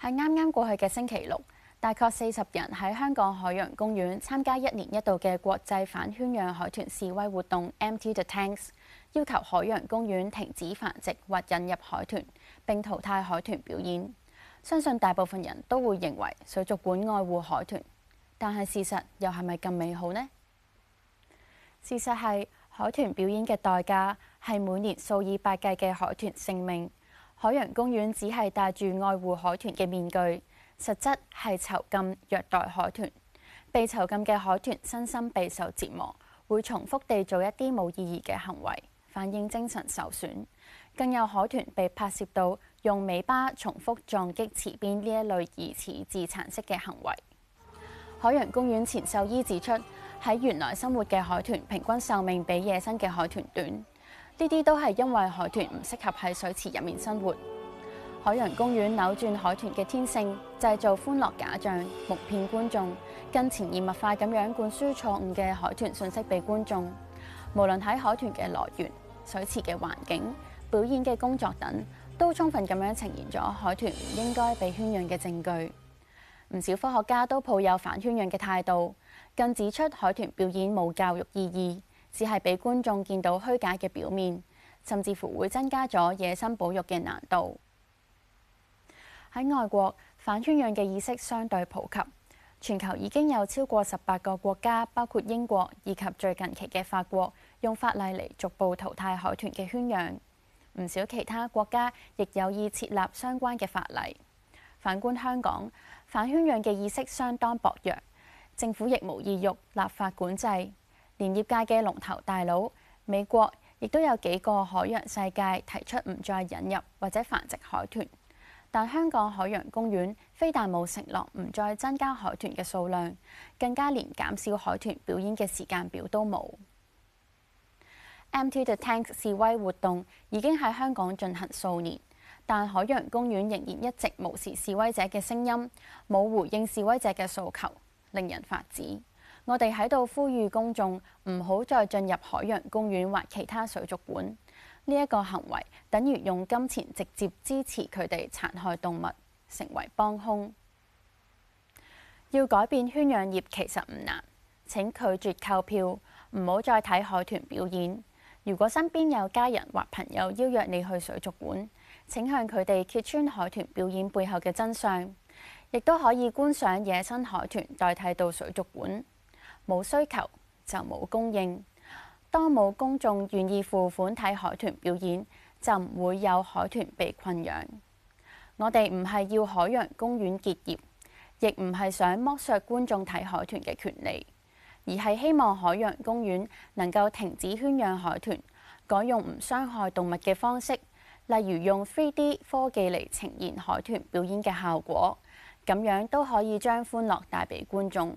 係啱啱過去嘅星期六，大概四十人喺香港海洋公園參加一年一度嘅國際反圈養海豚示威活動，Empty the Tanks，要求海洋公園停止繁殖或引入海豚，並淘汰海豚表演。相信大部分人都會認為水族館愛護海豚，但係事實又係咪咁美好呢？事實係，海豚表演嘅代價係每年數以百計嘅海豚性命。海洋公園只係戴住愛護海豚嘅面具，實質係囚禁虐待海豚。被囚禁嘅海豚身心備受折磨，會重複地做一啲冇意義嘅行為，反映精神受損。更有海豚被拍攝到用尾巴重複撞擊池邊呢一類疑似自殘式嘅行為。海洋公園前獸醫指出，喺園內生活嘅海豚平均壽命比野生嘅海豚短。呢啲都係因為海豚唔適合喺水池入面生活，海洋公園扭轉海豚嘅天性，製造歡樂假象，蒙騙觀眾，更潛移默化咁樣灌輸錯誤嘅海豚信息俾觀眾。無論喺海豚嘅來源、水池嘅環境、表演嘅工作等，都充分咁樣呈現咗海豚唔應該被圈養嘅證據。唔少科學家都抱有反圈養嘅態度，更指出海豚表演冇教育意義。只係俾觀眾見到虛假嘅表面，甚至乎會增加咗野生保育嘅難度。喺外國，反圈養嘅意識相對普及，全球已經有超過十八個國家，包括英國以及最近期嘅法國，用法例嚟逐步淘汰海豚嘅圈養。唔少其他國家亦有意設立相關嘅法例。反觀香港，反圈養嘅意識相當薄弱，政府亦無意欲立法管制。連業界嘅龍頭大佬，美國亦都有幾個海洋世界提出唔再引入或者繁殖海豚，但香港海洋公園非但冇承諾唔再增加海豚嘅數量，更加連減少海豚表演嘅時間表都冇。Empty the Tanks 示威活動已經喺香港進行數年，但海洋公園仍然一直無視示威者嘅聲音，冇回應示威者嘅訴求，令人髮指。我哋喺度呼籲公眾唔好再進入海洋公園或其他水族館，呢一個行為等於用金錢直接支持佢哋殘害動物，成為幫兇。要改變圈養業其實唔難，請拒絕購票，唔好再睇海豚表演。如果身邊有家人或朋友邀約你去水族館，請向佢哋揭穿海豚表演背後嘅真相，亦都可以觀賞野生海豚，代替到水族館。冇需求就冇供應，當冇公眾願意付款睇海豚表演，就唔會有海豚被困養。我哋唔係要海洋公園結業，亦唔係想剝削觀眾睇海豚嘅權利，而係希望海洋公園能夠停止圈養海豚，改用唔傷害動物嘅方式，例如用 3D 科技嚟呈現海豚表演嘅效果，咁樣都可以將歡樂帶俾觀眾。